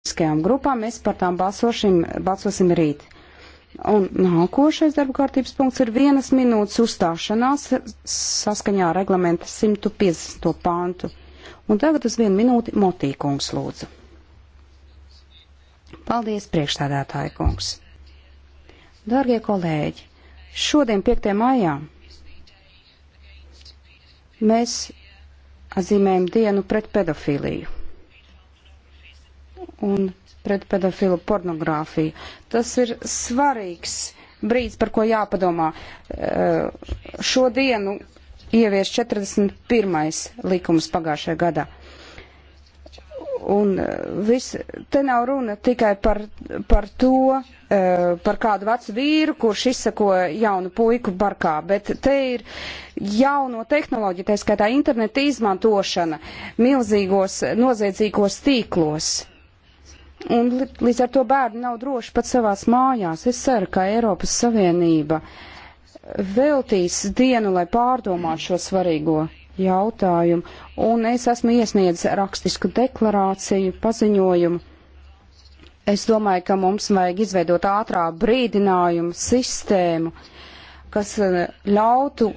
politiskajām grupām, mēs par tām balsošim, balsosim rīt. Un nākošais darba kārtības punkts ir vienas minūtes uzstāšanās saskaņā ar reglamenta 150. pāntu. Un tagad uz vienu minūti motīkums lūdzu. Paldies, priekšstādātāja kungs. Dargie kolēģi, šodien 5. maijā mēs atzīmējam dienu pret pedofīliju un pret pedofilu pornogrāfiju. Tas ir svarīgs brīdis, par ko jāpadomā. Eh, šodienu ievies 41. likums pagājušajā gadā. Un eh, viss, te nav runa tikai par, par to, eh, par kādu vecu vīru, kurš izsako jaunu puiku barkā, bet te ir jauno tehnoloģiju, tā skaitā interneta izmantošana milzīgos noziedzīgos tīklos Un līdz ar to bērni nav droši pat savās mājās. Es ceru, ka Eiropas Savienība veltīs dienu, lai pārdomātu šo svarīgo jautājumu. Un es esmu iesniedzis rakstisku deklarāciju, paziņojumu. Es domāju, ka mums vajag izveidot ātrā brīdinājumu sistēmu, kas eh, ļautu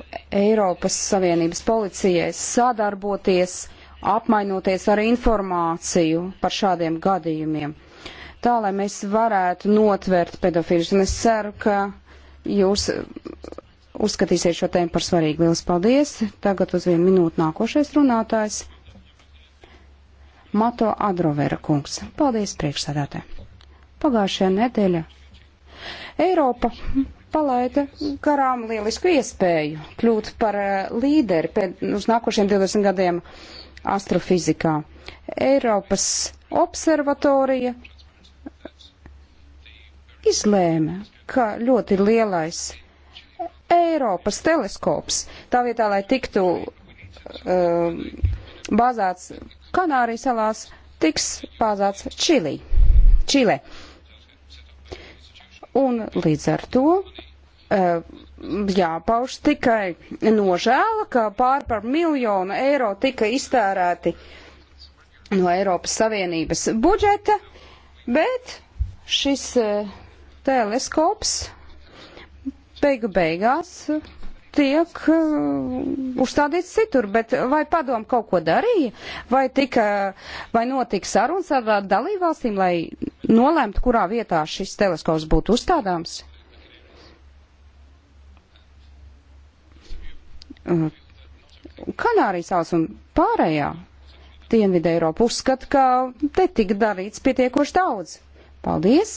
Eiropas Savienības policijai sadarboties apmainoties ar informāciju par šādiem gadījumiem. Tā, lai mēs varētu notvērt pedofīļus. Un es ceru, ka jūs uzskatīsiet šo tēmu par svarīgu. Lielas paldies. Tagad uz vienu minūtu nākošais runātājs. Mato Adrovera kungs. Paldies priekšsādātē. Pagājušajā nedēļa Eiropa palaida garām lielisku iespēju kļūt par eh, līderi pēc, uz nākošiem 20 gadiem astrofizikā. Eiropas observatorija izlēma, ka ļoti lielais Eiropas teleskops tā vietā, lai tiktu uh, um, bāzāts Kanārijas salās, tiks bāzāts Čilī. Čile. Un līdz ar to uh, jāpauž tikai nožēla, ka pār par miljonu eiro tika iztērēti no Eiropas Savienības budžeta, bet šis e, teleskops beigu beigās tiek e, uzstādīts citur, bet vai padomu kaut ko darīja, vai, tika, vai notika sarunas ar dalībvalstīm, lai nolēmtu, kurā vietā šis teleskops būtu uzstādāms? Uh, Kanārijas salas un pārējā Dienvidē Eiropa uzskata, ka te tika darīts pietiekoši daudz. Paldies!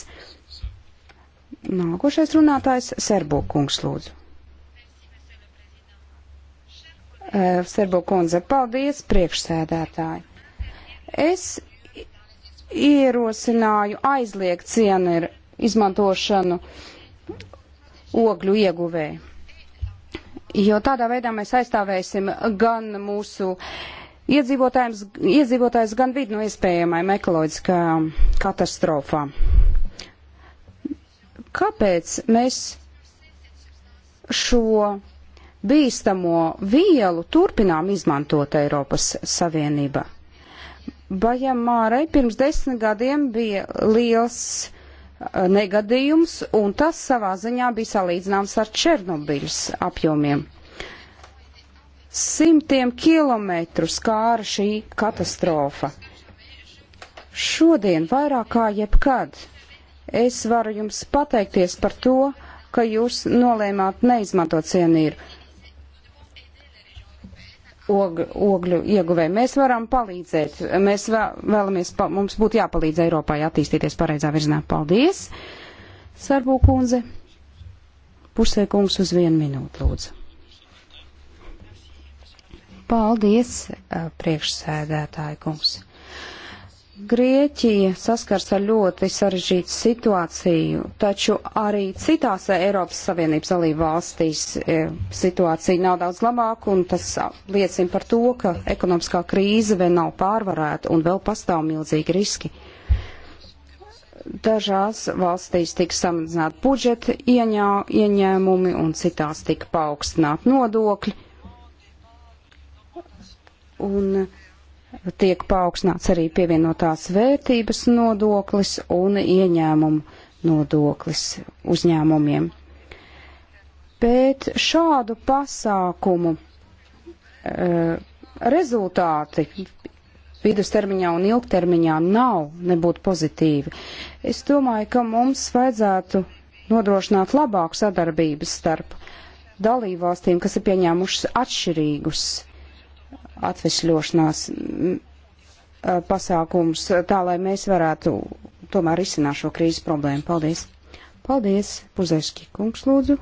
Nākošais runātājs Serbo kungs lūdzu. Uh, Serbo kundze, paldies priekšsēdētāji. Es ierosināju aizliegt cienu izmantošanu ogļu ieguvēju jo tādā veidā mēs aizstāvēsim gan mūsu iedzīvotājus, gan vidi no iespējamajām ekoloģiskajām katastrofām. Kāpēc mēs šo bīstamo vielu turpinām izmantot Eiropas Savienībā? Bajamārai pirms desmit gadiem bija liels negadījums, un tas savā ziņā bija salīdzināms ar Černobiļas apjomiem. Simtiem kilometru skāra šī katastrofa. Šodien vairāk kā jebkad es varu jums pateikties par to, ka jūs nolēmāt neizmantot cienīru og, ogļu ieguvēji. Mēs varam palīdzēt, mēs vēlamies, mums būtu jāpalīdz Eiropai attīstīties pareizā virzienā. Paldies, Sarbu kundze. Pusē kungs uz vienu minūtu, lūdzu. Paldies, eh, priekšsēdētāji kungs. Grieķija saskars ar ļoti sarežģītu situāciju, taču arī citās Eiropas Savienības dalību valstīs e, situācija nav daudz labāka, un tas liecina par to, ka ekonomiskā krīze vēl nav pārvarēta un vēl pastāv milzīgi riski. Dažās valstīs tika samazināti budžeta ieņā, ieņēmumi, un citās tika paaugstināti nodokļi. Un, uh, tiek paaugstināts arī pievienotās vērtības nodoklis un ieņēmumu nodoklis uzņēmumiem. Bet šādu pasākumu eh, rezultāti vidustermiņā un ilgtermiņā nav, nebūtu pozitīvi. Es domāju, ka mums vajadzētu nodrošināt labāku sadarbības starp dalībvalstīm, kas ir pieņēmušas atšķirīgus uh, atvesļošanās mm, pasākums, tā lai mēs varētu tomēr risināt šo krīzes problēmu. Paldies! Paldies, Puzēski kungs, lūdzu.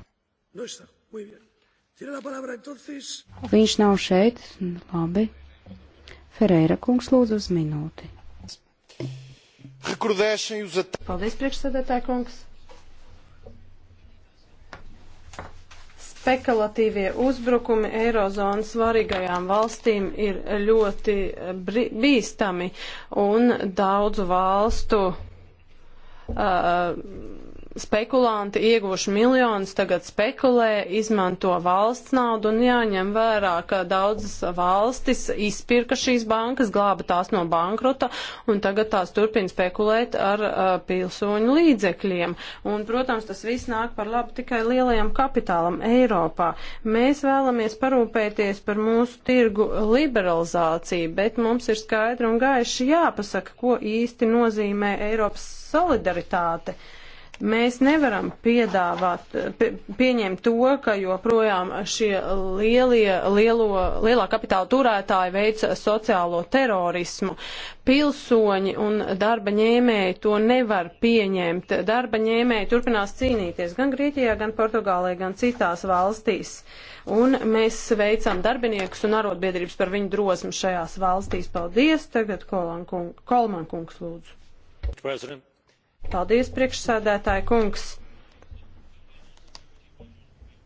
Viņš nav šeit, labi. Ferēra kungs, lūdzu, uz minūti. Paldies, priekšsēdētāj kungs. Spekulatīvie uzbrukumi Eirozonas svarīgajām valstīm ir ļoti eh, bīstami un daudzu valstu. Uh, spekulanti ieguvuši miljonus, tagad spekulē, izmanto valsts naudu un jāņem vērā, ka daudzas valstis izpirka šīs bankas, glāba tās no bankrota un tagad tās turpina spekulēt ar uh, pilsoņu līdzekļiem. Un, protams, tas viss nāk par labu tikai lielajam kapitālam Eiropā. Mēs vēlamies parūpēties par mūsu tirgu liberalizāciju, bet mums ir skaidri un gaiši jāpasaka, ko īsti nozīmē Eiropas solidaritāte. Uh, Mēs nevaram piedāvāt, pie, pieņemt to, ka joprojām šie lielie, lielo, lielā kapitāla turētāji veic sociālo terorismu. Pilsoņi un darba ņēmēji to nevar pieņemt. Darba ņēmēji turpinās cīnīties gan Grieķijā, gan Portugālē, gan citās valstīs. Un mēs sveicam darbiniekus un arotbiedrības par viņu drosmi šajās valstīs. Paldies! Tagad Kolman kungs lūdzu. President. Paldies, priekšsēdētāji kungs!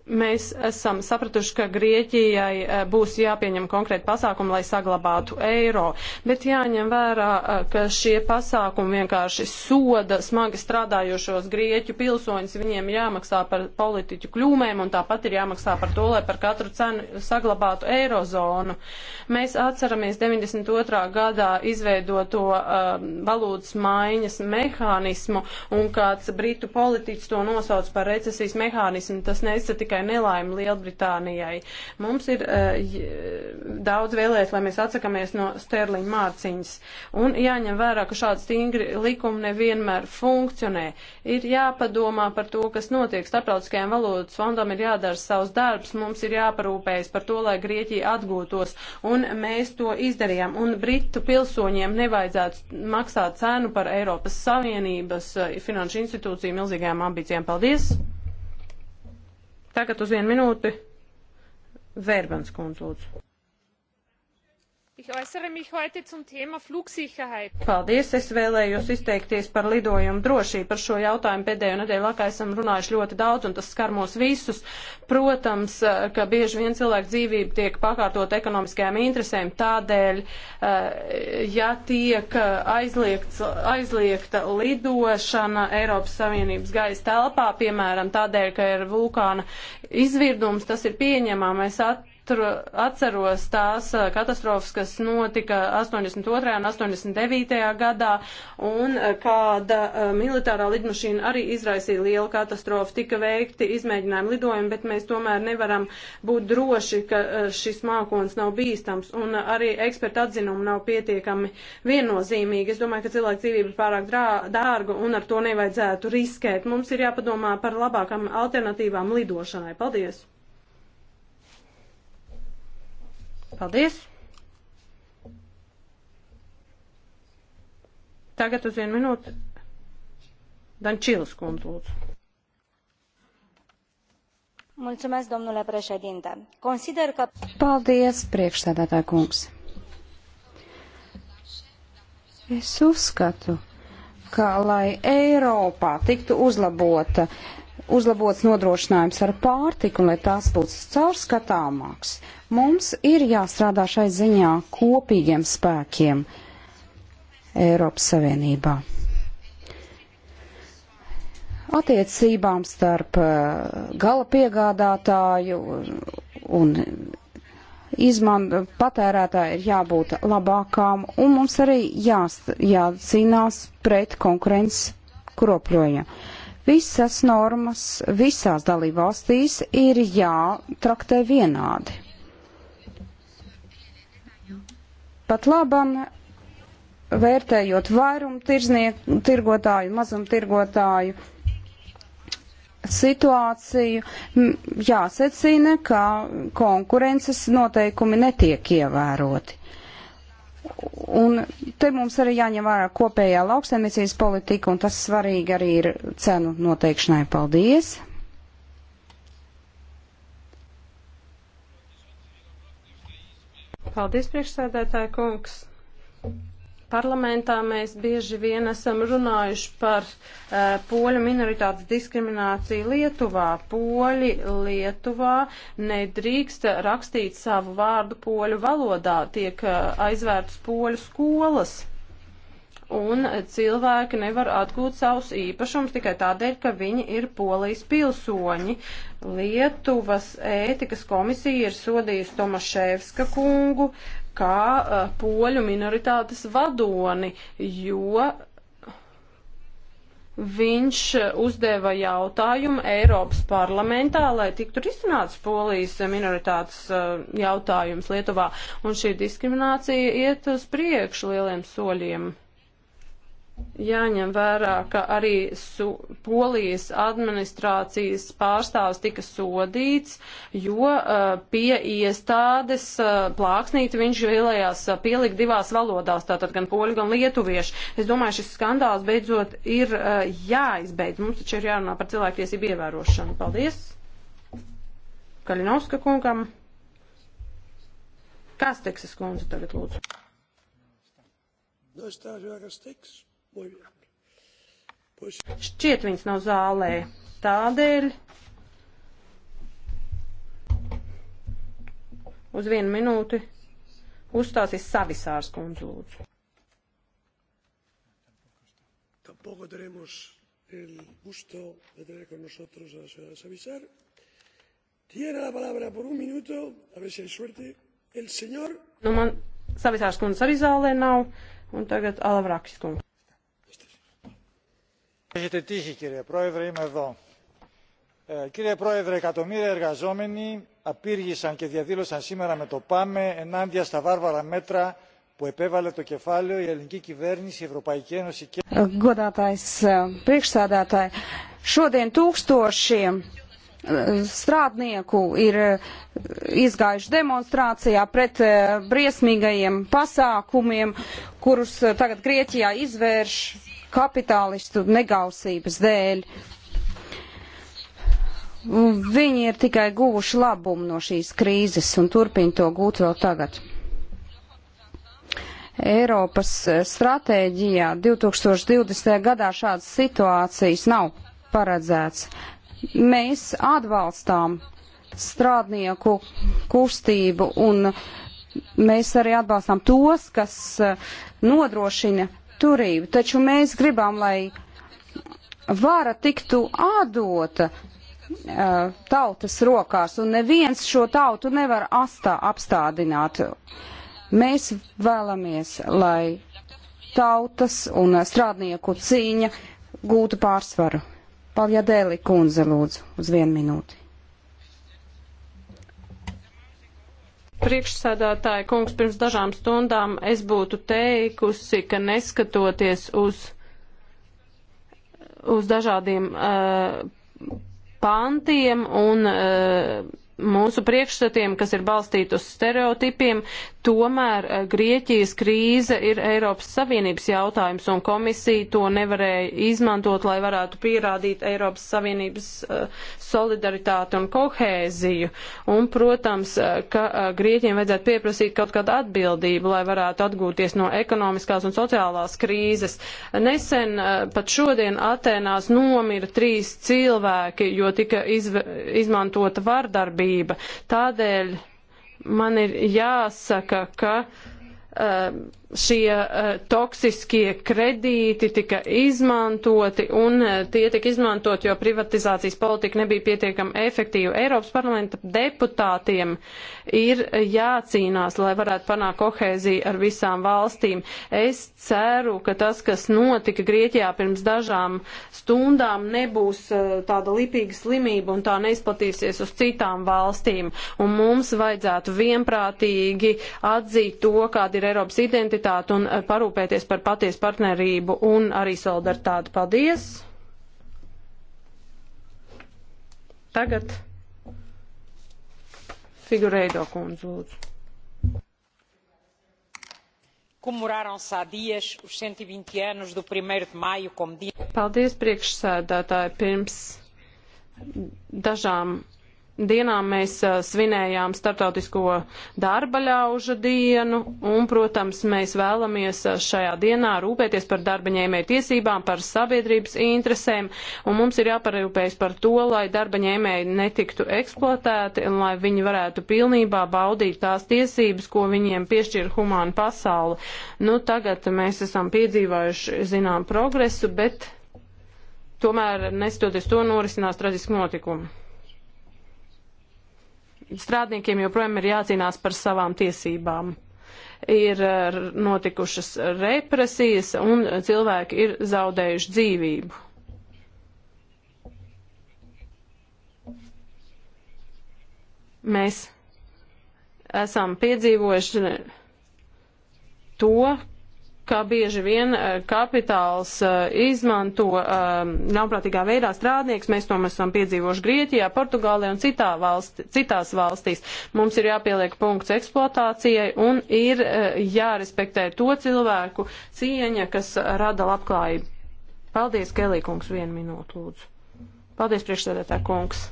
Mēs esam sapratuši, ka Grieķijai e, būs jāpieņem konkrēti pasākumi, lai saglabātu eiro, bet jāņem vērā, e, ka šie pasākumi vienkārši soda smagi strādājošos Grieķu pilsoņus, viņiem jāmaksā par politiķu kļūmēm un tāpat ir jāmaksā par to, lai par katru cenu saglabātu eirozonu. Mēs atceramies 92. gadā izveidoto uh, valūtas maiņas mehānismu un kāds britu politiķis to nosauc par recesijas mehānismu. Tas nesa tikai tikai nelaimi Lielbritānijai. Mums ir uh, daudz vēlēs, lai mēs atsakamies no sterliņa mārciņas. Un jāņem vērā, ka šādi stingri likumi nevienmēr funkcionē. Ir jāpadomā par to, kas notiek. Starptautiskajām valūtas fondam ir jādara savs darbs, mums ir jāparūpējas par to, lai Grieķija atgūtos. Un mēs to izdarījām. Un Britu pilsoņiem nevajadzētu maksāt cenu par Eiropas Savienības eh, finanšu institūciju milzīgajām ambīcijām. Paldies! Tagad uz vienu minūti Vērbens kundz lūdzu. Paldies, es vēlējos izteikties par lidojumu drošību. Par šo jautājumu pēdējo nedēļu laikā esam runājuši ļoti daudz, un tas skar mūs visus. Protams, eh, ka bieži vien cilvēku dzīvība tiek pakārtot ekonomiskajām interesēm, tādēļ, eh, ja tiek eh, aizliegts, aizliegta lidošana Eiropas Savienības gaisa telpā, piemēram, tādēļ, ka ir vulkāna izvirdums, tas ir pieņemamais. At atru, atceros tās katastrofas, kas notika 82. un 89. gadā, un kāda militārā lidmašīna arī izraisīja lielu katastrofu. Tika veikti izmēģinājumi lidojumi, bet mēs tomēr nevaram būt droši, ka šis mākons nav bīstams, un arī eksperta atzinumi nav pietiekami viennozīmīgi. Es domāju, ka cilvēku dzīvība ir pārāk drā, dārga, un ar to nevajadzētu riskēt. Mums ir jāpadomā par labākām alternatīvām lidošanai. Paldies! Paldies! Tagad uz vienu minūti Dancilas kundze, lūdzu. Mulțumesc, domnule președinte. Consider că... Paldies, priekšsēdētāja kungs. Es uzskatu, ka, lai Eiropā tiktu uzlabota uh, uzlabots nodrošinājums ar pārtiku un lai tās būtu caurskatāmāks. Mums ir jāstrādā šai ziņā kopīgiem spēkiem Eiropas Savienībā. Attiecībām starp eh, gala piegādātāju un izmanto patērētāji ir jābūt labākām, un mums arī jās, jācīnās pret konkurences kropļojumiem. Visas normas visās dalībvalstīs ir jātraktē vienādi. Pat labam vērtējot vairumu tirgotāju, mazumtirgotāju situāciju, jāsecina, ka konkurences noteikumi netiek ievēroti. Un te mums arī jāņem vērā kopējā lauksaimniecības politika, un tas svarīgi arī ir cenu noteikšanai. Paldies! Paldies, priekšsēdētāja kungs! Parlamentā mēs bieži vien esam runājuši par uh, poļu minoritātes diskrimināciju Lietuvā. Poļi Lietuvā nedrīkst rakstīt savu vārdu poļu valodā, tiek uh, aizvērtas poļu skolas. Un cilvēki nevar atgūt savus īpašumus tikai tādēļ, ka viņi ir polijas pilsoņi. Lietuvas ētikas komisija ir sodījusi Tomaševska kungu, uh, kā poļu minoritātes vadoni, jo viņš uzdeva jautājumu Eiropas parlamentā, lai tiktu risināts polijas minoritātes jautājums Lietuvā, un šī diskriminācija iet uz priekšu lieliem soļiem jāņem vērā, ka arī su, polijas administrācijas pārstāvs tika sodīts, jo uh, pie iestādes uh, plāksnīti viņš vēlējās uh, pielikt divās valodās, tātad gan poļu, gan lietuviešu. Es domāju, šis skandāls beidzot ir uh, jāizbeidz. Mums taču ir jārunā par cilvēktiesību ievērošanu. Paldies! Kaļinovska kungam. Kas teksas kundze tagad lūdzu? Nostāžu ar steks. Muy bien. Pues... Šķiet, viņas nav zālē. Tādēļ uz vienu minūti uzstāsies Savisārs kundze lūdzu. Tampoco tenemos el gusto de tener con nosotros a la señora Savisar. Tiene la palabra por un minuto, a ver si hay suerte, el señor... Nu man Savisārs kundze arī zālē nav, un tagad Alavrakis kundze. Έχετε τύχει κύριε Πρόεδρε, είμαι εδώ. Ε, κύριε Πρόεδρε, εκατομμύρια εργαζόμενοι απήργησαν και διαδήλωσαν σήμερα με το ΠΑΜΕ ενάντια στα βάρβαρα μέτρα που επέβαλε το κεφάλαιο η ελληνική κυβέρνηση, η Ευρωπαϊκή Ένωση και... Godātais priekšsādātāji, šodien tūkstošiem strādnieku ir izgājuši demonstrācijā pret briesmīgajiem pasākumiem, kurus tagad Grieķijā izvērš kapitālistu negausības dēļ. Viņi ir tikai guvuši labumu no šīs krīzes un turpina to gūt vēl tagad. Eiropas eh, stratēģijā 2020. gadā šādas situācijas nav paredzēts. Mēs atbalstām strādnieku kustību un mēs arī atbalstām tos, kas eh, nodrošina turību, taču mēs gribam, lai vara tiktu atdota uh, tautas rokās, un neviens šo tautu nevar astā apstādināt. Mēs vēlamies, lai tautas un strādnieku cīņa gūtu pārsvaru. Paljadēli kundze lūdzu uz vienu minūti. priekšsēdētāja kungs, pirms dažām stundām es būtu teikusi, ka neskatoties uz, uz dažādiem uh, pantiem un uh, mūsu priekšstatiem, kas ir balstīti uz stereotipiem, tomēr eh, Grieķijas krīze ir Eiropas Savienības jautājums, un komisija to nevarēja izmantot, lai varētu pierādīt Eiropas Savienības eh, solidaritāti un kohēziju. Un, protams, eh, ka Grieķiem vajadzētu pieprasīt kaut kādu atbildību, lai varētu atgūties no ekonomiskās un sociālās krīzes. Nesen, pat šodien Atenās nomira trīs cilvēki, jo tika izmantota vardarbība atbildība. Tādēļ man ir jāsaka, ka. Uh, šie uh, toksiskie kredīti tika izmantoti un uh, tie tika izmantoti, jo privatizācijas politika nebija pietiekami efektīva. Eiropas parlamenta deputātiem ir jācīnās, lai varētu panākt kohēziju ar visām valstīm. Es ceru, ka tas, kas notika Grieķijā pirms dažām stundām, nebūs uh, tāda lipīga slimība un tā neizplatīsies uz citām valstīm. Un mums vajadzētu vienprātīgi atzīt to, kāda ir Eiropas identitāte solidaritāti un eh, parūpēties par patiesu partnerību un arī solidaritāti. Paldies! Tagad Figureido kundze lūdzu. Comemoraram-se há dias os 120 e anos do 1 de maio como dia. Paldies priekšsēdētāji pirms dažām dienām mēs svinējām starptautisko darba ļaužu dienu, un, protams, mēs vēlamies šajā dienā rūpēties par darbaņēmēju tiesībām, par sabiedrības interesēm, un mums ir jāparūpējas par to, lai darbaņēmēji netiktu eksploatēti, un lai viņi varētu pilnībā baudīt tās tiesības, ko viņiem piešķir humāna pasauli. Nu, tagad mēs esam piedzīvojuši, zinām, progresu, bet tomēr, nestoties to, norisinās traģiski notikumi strādniekiem joprojām ir jācīnās par savām tiesībām. Ir eh, notikušas represijas un cilvēki ir zaudējuši dzīvību. Mēs esam piedzīvojuši to, ka bieži vien eh, kapitāls eh, izmanto eh, ļaunprātīgā veidā strādnieks. Mēs to esam piedzīvojuši Grieķijā, Portugālē un citā valsti, citās valstīs. Mums ir jāpieliek punkts eksploatācijai un ir jārespektē to cilvēku cieņa, kas rada labklājību. Paldies, Kelī kungs, vienu minūtu lūdzu. Paldies, priekšsēdētā kungs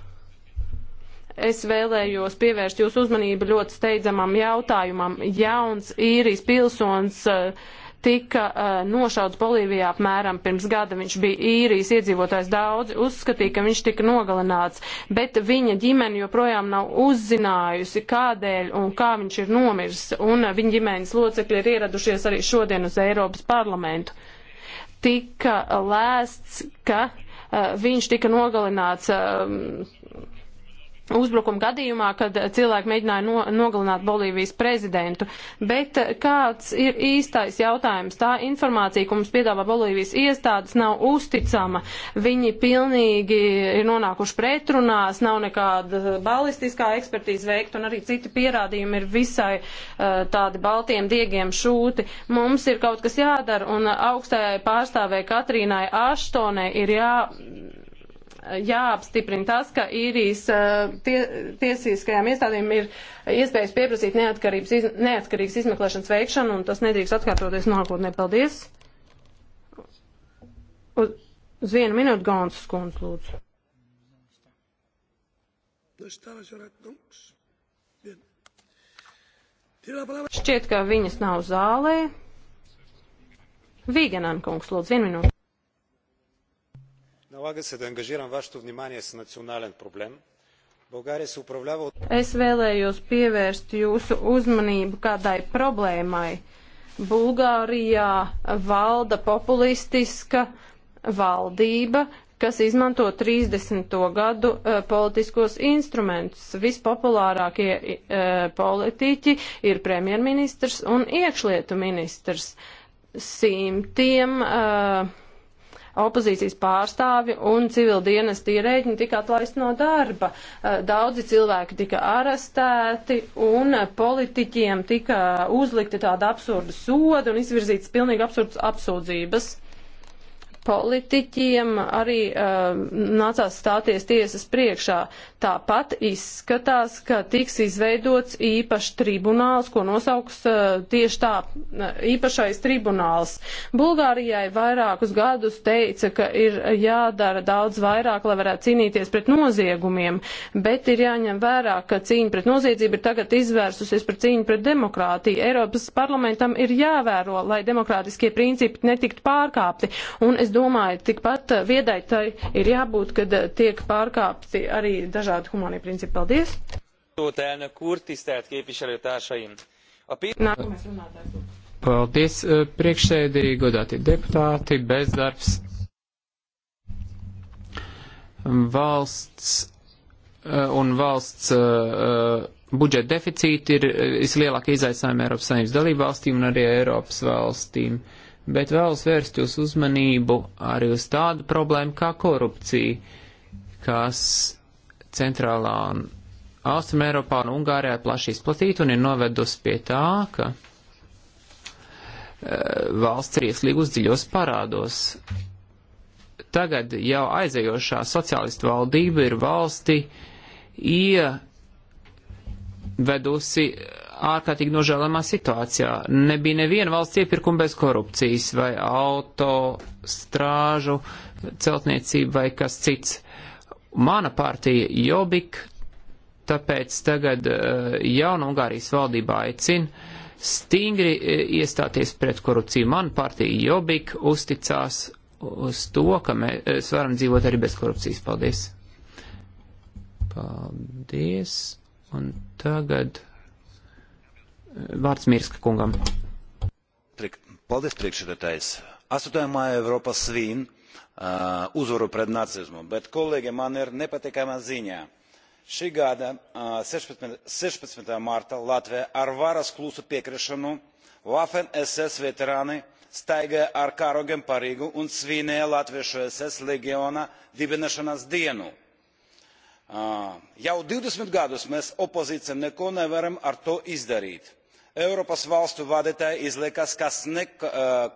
es vēlējos pievērst jūsu uzmanību ļoti steidzamam jautājumam. Jauns īrijas pilsons uh, tika uh, nošauts Bolīvijā apmēram pirms gada. Viņš bija īrijas iedzīvotājs. Daudzi uzskatīja, ka viņš tika nogalināts, bet viņa ģimene joprojām nav uzzinājusi, kādēļ un kā viņš ir nomirs. Un uh, viņa ģimenes locekļi ir ieradušies arī šodien uz Eiropas parlamentu. Tika eh, lēsts, ka uh, viņš tika nogalināts. Uh, uzbrukuma gadījumā, kad cilvēki mēģināja no, nogalināt Bolīvijas prezidentu. Bet kāds ir īstais jautājums? Tā informācija, ko mums piedāvā Bolīvijas iestādes, nav uzticama. Viņi pilnīgi ir nonākuši pretrunās, nav nekāda balistiskā ekspertīze veikta, un arī citi pierādījumi ir visai uh, tādi baltiem diegiem šūti. Mums ir kaut kas jādara, un augstajai pārstāvē Katrīnai Aštonai ir jā jāapstiprina tas, ka īrijas tie, tiesiskajām iestādēm ir iespējas pieprasīt neatkarības, iz, neatkarīgas izmeklēšanas veikšanu, un tas nedrīkst atkārtoties nākotnē. Paldies! Uz, uz vienu minūtu Gauns skundz, lūdzu. Šķiet, ka viņas nav zālē. Vīganan kungs, lūdzu, vienu minūtu. Налага се да ангажирам вашето внимание с национален проблем. България се управлява от... Es vēlējos pievērst jūsu uzmanību kādai problēmai. Bulgārijā valda populistiska valdība, kas izmanto 30. gadu uh, politiskos instrumentus. Vispopulārākie uh, politiķi ir premjerministrs un iekšlietu ministrs. Simtiem uh, opozīcijas pārstāvi un civil dienas ierēģi tika atlaisti no darba. Eh, daudzi cilvēki tika arestēti un politiķiem tika uzlikti tāda absurda soda un izvirzītas pilnīgi absurdas apsūdzības politiķiem arī uh, nācās stāties tiesas priekšā. Tāpat izskatās, ka tiks izveidots īpašs tribunāls, ko nosauks uh, tieši tā uh, īpašais tribunāls. Bulgārijai vairākus gadus teica, ka ir jādara daudz vairāk, lai varētu cīnīties pret noziegumiem, bet ir jāņem vērā, ka cīņa pret noziedzību ir tagad izvērsusies par cīņu pret demokrātiju. Eiropas parlamentam ir jāvēro, lai demokrātiskie principi netiktu pārkāpti. Un es domāju, tikpat viedai tai ir jābūt, kad tiek pārkāpti arī dažādi humānie principi. Paldies! Nākamais runātājs. Paldies, eh, priekšsēdī, godātie deputāti, bezdarbs. Valsts eh, un valsts eh, budžeta deficīti ir vislielākie izaicinājumi Eiropas Savienības dalību valstīm un arī Eiropas valstīm. Uh, bet vēlos vērst jūs uzmanību arī uz tādu problēmu kā korupcija, kas centrālā un Austrumēropā un Ungārijā plaši izplatīta un ir novedusi pie tā, ka e, valsts ir ieslīgus dziļos parādos. Tagad jau aizējošā sociālistu valdība ir valsti ievedusi ārkārtīgi nožēlamā situācijā. Nebija neviena valsts iepirkuma bez korupcijas, vai auto, strāžu, celtniecība vai kas cits. Mana partija Jobik, tāpēc tagad eh, jauna Ungārijas valdībā aicina stingri eh, iestāties pret korupciju. Mana partija Jobik uzticās uz to, ka mēs varam dzīvot arī bez korupcijas. Paldies! Paldies! Un tagad Vārds Mirska kungam. Paldies, priekšredētājs. 8. māja Eiropas svīn uh, uzvaru pret nacizmu, bet, kolēģi, man ir nepatīkama ziņa. Šī gada uh, 16, 16. marta Latvija ar varas klusu piekrišanu Waffen SS veterāni staigāja ar karogiem pa Rīgu un svinēja Latviešu SS legiona dibināšanas dienu. Uh, jau 20 gadus mēs opozīcija neko nevaram ar to izdarīt Eiropas valstu vadītāji izliekas, ne, eh,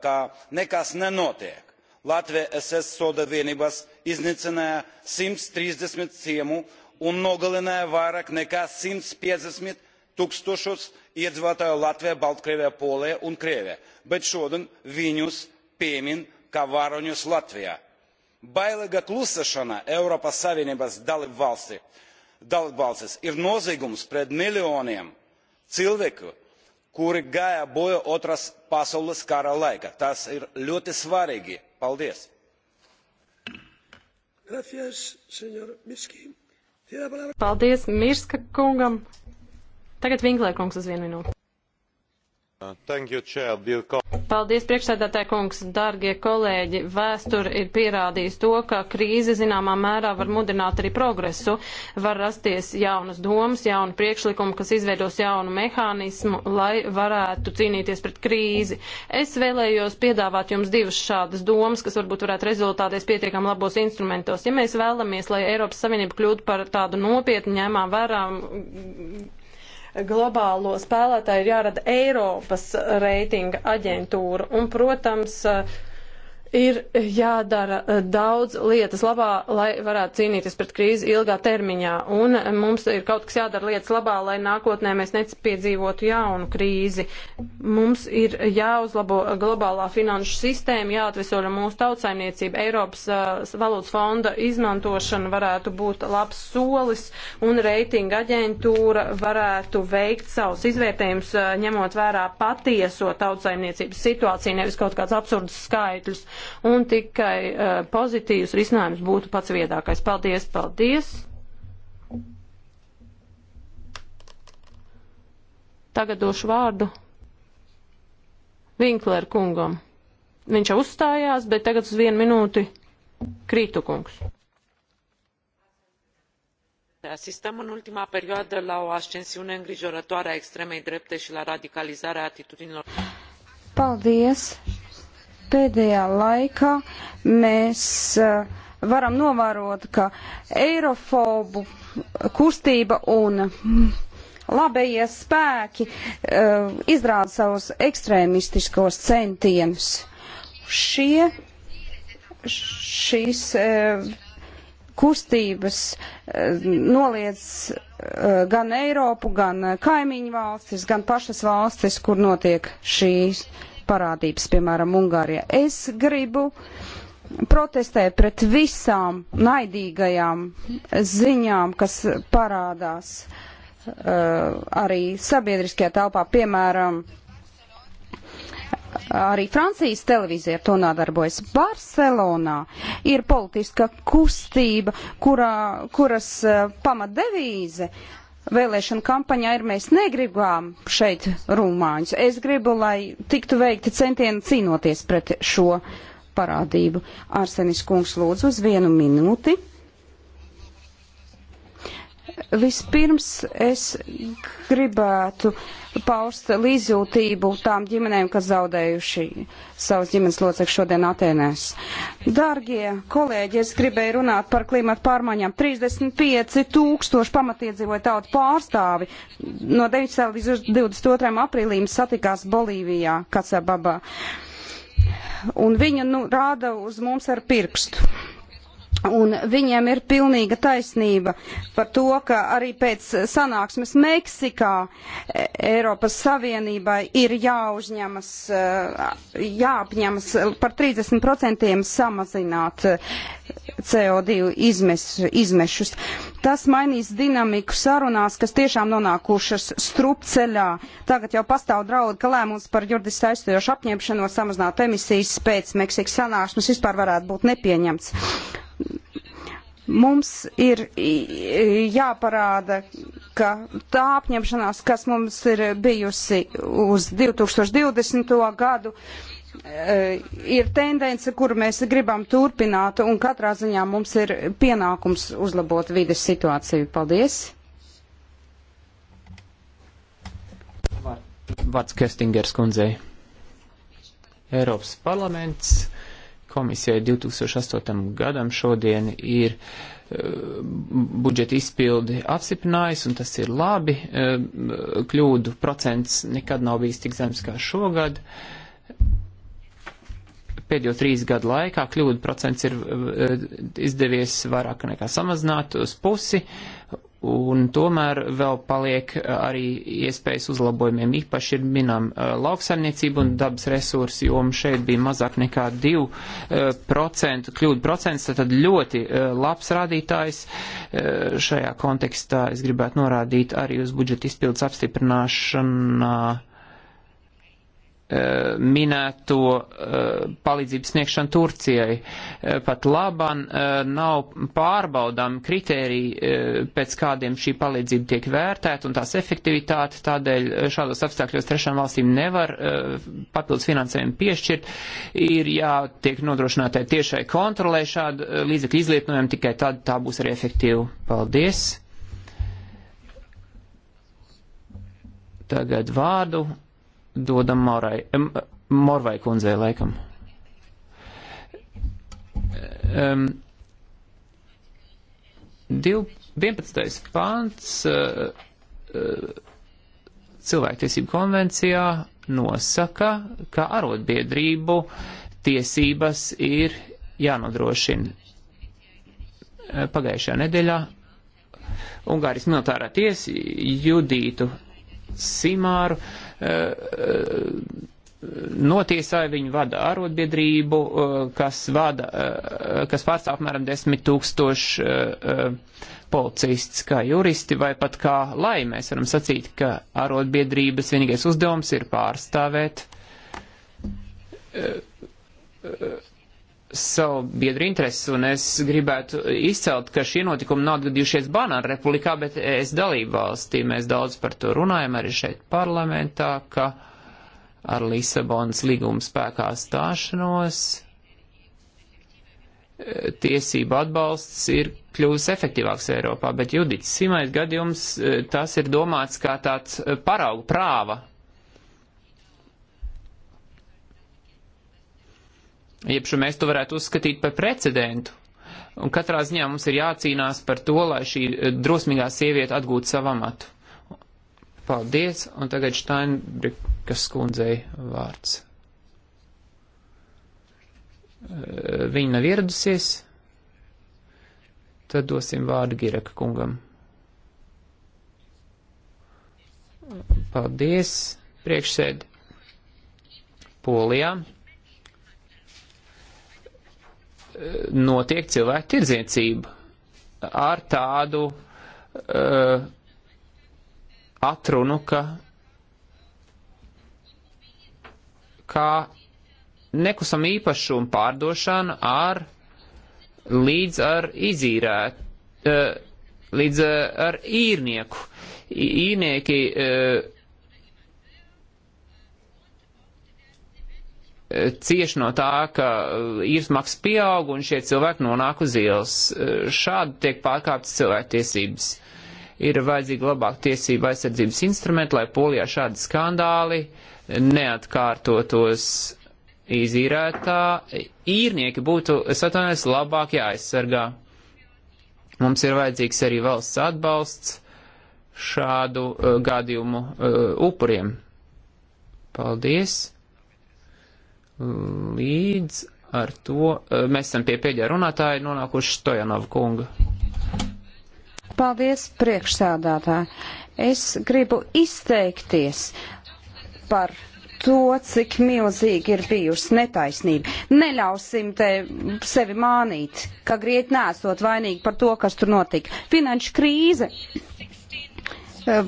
ka nekas nenotiek. Latvija SS soda vienības iznīcināja 130 ciemu un nogalināja vairāk nekā 150 tūkstošus iedzīvotāju Latvijā, Baltkrievijā, Polijā un Krievijā, bet šodien viņus piemin kā varoņus Latvijā. Bailīga klusēšana Eiropas Savienības dalībvalstīs ir noziegums pret miljoniem cilvēku kuri gāja otras pasaules kara laikā. Tas ir ļoti svarīgi. Paldies! Paldies Mirska kungam. Tagad Vinklē kungs uz vienu minūti. You, Paldies, priekšsēdētāji kungs, dārgie kolēģi. Vēsture ir pierādījusi to, ka krīze zināmā mērā var mudināt arī progresu. Var rasties jaunas domas, jauni priekšlikumi, kas izveidos jaunu mehānismu, lai varētu cīnīties pret krīzi. Es vēlējos piedāvāt jums divas šādas domas, kas varbūt varētu rezultāties pietiekam labos instrumentos. Ja mēs vēlamies, lai Eiropas Savienība kļūtu par tādu nopietnu ņēmām vērām globālo spēlētāju ir jārada Eiropas reitinga aģentūra. Un, protams, uh, ir jādara eh, daudz lietas labā, lai varētu cīnīties pret krīzi ilgā termiņā. Un eh, mums ir kaut kas jādara lietas labā, lai nākotnē mēs nepiedzīvotu jaunu krīzi. Mums ir jāuzlabo globālā finanšu sistēma, jāatvesoļa mūsu tautsaimniecība. Eiropas uh, valūtas fonda izmantošana varētu būt labs solis, un reitinga aģentūra varētu veikt savus izvērtējumus, uh, ņemot vērā patieso tautsaimniecības situāciju, nevis kaut kāds absurds skaitļus. Uh, un tikai uh, pozitīvs risinājums būtu pats viedākais. Paldies, paldies! Tagad došu vārdu Vinklēra kungam. Viņš jau uzstājās, bet tagad uz vienu minūti Krītu kungs. Asistăm în ultima perioadă la o ascensiune îngrijorătoare a extremei drepte și la radicalizarea atitudinilor. Paldies! Pēdējā laikā mēs e, varam novērot, ka eirofobu kustība un labējie spēki uh, izrāda savus ekstrēmistiskos centienus. Šie, šīs uh, e, kustības uh, noliec gan Eiropu, gan kaimiņu valstis, gan pašas valstis, kur notiek šīs parādības, piemēram, Ungārijā. Es gribu protestēt pret visām naidīgajām ziņām, kas parādās uh, arī sabiedriskajā telpā, piemēram, arī Francijas televīzija ar to nodarbojas. Barcelonā ir politiska kustība, kurā, kuras uh, pamatdevīze vēlēšana kampaņā ir mēs negribām šeit rumāņus. Es gribu, lai tiktu veikti centieni cīnoties pret šo parādību. Arsenis kungs lūdzu uz vienu minūti. Vispirms es gribētu paust līdzjūtību tām ģimenēm, kas zaudējuši savus ģimenes locekļus šodien Atenēs. Dārgie kolēģi, es gribēju runāt par klimatu pārmaiņām. 35 tūkstoši pamatiedzīvoja tautu pārstāvi no 9. līdz 22. aprīlīm satikās Bolīvijā, Kacababā. Un viņa nu, rāda uz mums ar pirkstu Un viņiem ir pilnīga taisnība par to, ka arī pēc sanāksmes Meksikā e, Eiropas Savienībai ir jāuzņemas, e, jāapņemas par 30% samazināt e, CO2 izmes, izmešus. Tas mainīs dinamiku sarunās, kas tiešām nonākušas strupceļā. Tagad jau pastāv draudi, ka lēmums par juridiski aizstojošu apņemšanos samazināt emisijas pēc Meksikas sanāksmes vispār varētu būt nepieņemts Mums ir jāparāda, ka tā apņemšanās, kas mums ir bijusi uz 2020. gadu, e, ir tendence, kuru mēs gribam turpināt, un katrā ziņā mums ir pienākums uzlabot vides situāciju. Paldies! Vārds Kestingers kundzei. Eiropas parlaments komisijai 2008. gadam šodien ir e, budžeta izpildi apstiprinājis, un tas ir labi. E, kļūdu procents nekad nav bijis tik zems kā šogad. Pēdējo trīs gadu laikā kļūdu procents ir e, izdevies vairāk nekā samazināt uz pusi. Uh, un tomēr vēl paliek eh, arī iespējas uzlabojumiem. Īpaši ir minam eh, lauksaimniecību un dabas resursi, jo mums šeit bija mazāk nekā 2% eh, kļūdu procents, tad ļoti labs rādītājs. Šajā kontekstā es gribētu norādīt arī uz budžeta izpildes apstiprināšanā Eh, minēto eh, palīdzības sniegšanu Turcijai. Eh, pat laban nav pārbaudām kritēriji, pēc kādiem šī palīdzība tiek vērtēta un tās efektivitāte, tādēļ šādos apstākļos trešām valstīm nevar papildus finansējumu piešķirt. Ir jātiek nodrošinātai tiešai kontrolē šādu līdzekļu izlietojumu, tikai tad tā būs arī efektīva. Paldies! Tagad vārdu dodam Morai, Morvai kundzei laikam. Um, 11. pāns uh, uh, cilvēktiesību konvencijā nosaka, ka arotbiedrību tiesības ir jānodrošina. E, pagājušajā nedēļā Ungārijas militārā tiesa Judītu Simāru uh, notiesāja viņu vada arotbiedrību, eh, kas, vada, eh, kas pārstāv apmēram 10 tūkstoši eh, policists kā juristi vai pat kā lai mēs varam sacīt, ka arotbiedrības vienīgais uzdevums ir pārstāvēt savu biedru intereses, un es gribētu izcelt, ka šie notikumi nav atgadījušies Banāna republikā, bet es dalību valstī. Mēs daudz par to runājam arī šeit parlamentā, ka ar Lisabonas līguma spēkā stāšanos e, tiesība atbalsts ir kļuvis efektīvāks Eiropā, bet Judits Simais gadījums e, tas ir domāts kā tāds e, paraugu prāva Iepšu mēs to varētu uzskatīt par precedentu. Un katrā ziņā mums ir jācīnās par to, lai šī eh, drosmīgā sieviete atgūtu savu amatu. Paldies, un tagad Steinbrikas kundzei vārds. Eh, viņa nav ieradusies, tad dosim vārdu Gireka kungam. Paldies, priekšsēdi. Polijā notiek cilvēku tirdzniecība ar tādu uh, atrunu, ka kā nekusam īpašumu pārdošana ar līdz ar izīrēt, uh, līdz uh, ar īrnieku. Īrnieki uh, cieš no tā, ka uh, īres maksas pieaug un šie cilvēki nonāk uz ielas. Uh, šādi tiek pārkāptas cilvēktiesības. Ir vajadzīga labāka tiesība aizsardzības instrumenta, lai polijā šādi skandāli neatkārtotos izīrētā. Īrnieki būtu, es atvainojos, labāk jāaizsargā. Mums ir vajadzīgs arī valsts atbalsts šādu uh, gadījumu uh, upuriem. Paldies! Līdz ar to e, mēs esam pie pēdējā runātāja nonākuši Stojanova kunga. Paldies, priekšsēdātāji. Es gribu izteikties par to, cik milzīgi ir bijusi netaisnība. Neļausim te sevi mānīt, ka grieķi nesot vainīgi par to, kas tur notika. Finanšu krīze Eh,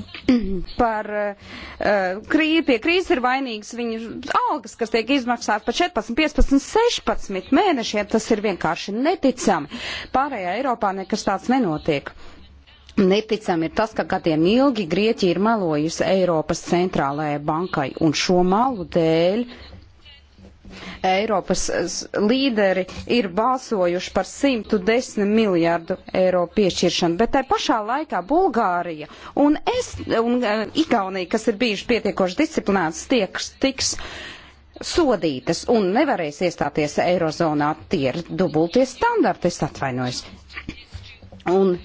par eh, krī, pie krīzes ir vainīgas viņu algas, kas tiek izmaksātas par 14, 15, 16 mēnešiem. Tas ir vienkārši neticami. Pārējā Eiropā nekas tāds nenotiek. Neticami ir tas, ka gadiem ilgi Grieķija ir melojusi Eiropas centrālajai bankai, un šo malu dēļ Eiropas līderi ir balsojuši par 110 miljārdu eiro piešķiršanu, bet tai pašā laikā Bulgārija un, es, un e, Igaunija, kas ir bijuši pietiekoši disciplinēts, tieks, tiks sodītas un nevarēs iestāties Eirozonā. Tie ir dubultie standarti, es atvainojos. Un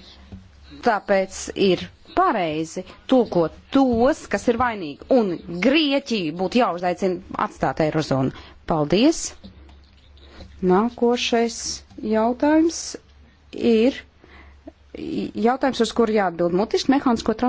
tāpēc ir pareizi tūkot tos, kas ir vainīgi, un Grieķiju būtu jāuzaicina atstāt Eirozonu. Paldies! Nākošais jautājums ir jautājums, uz kuru jāatbild mutiski mehānisko transportu.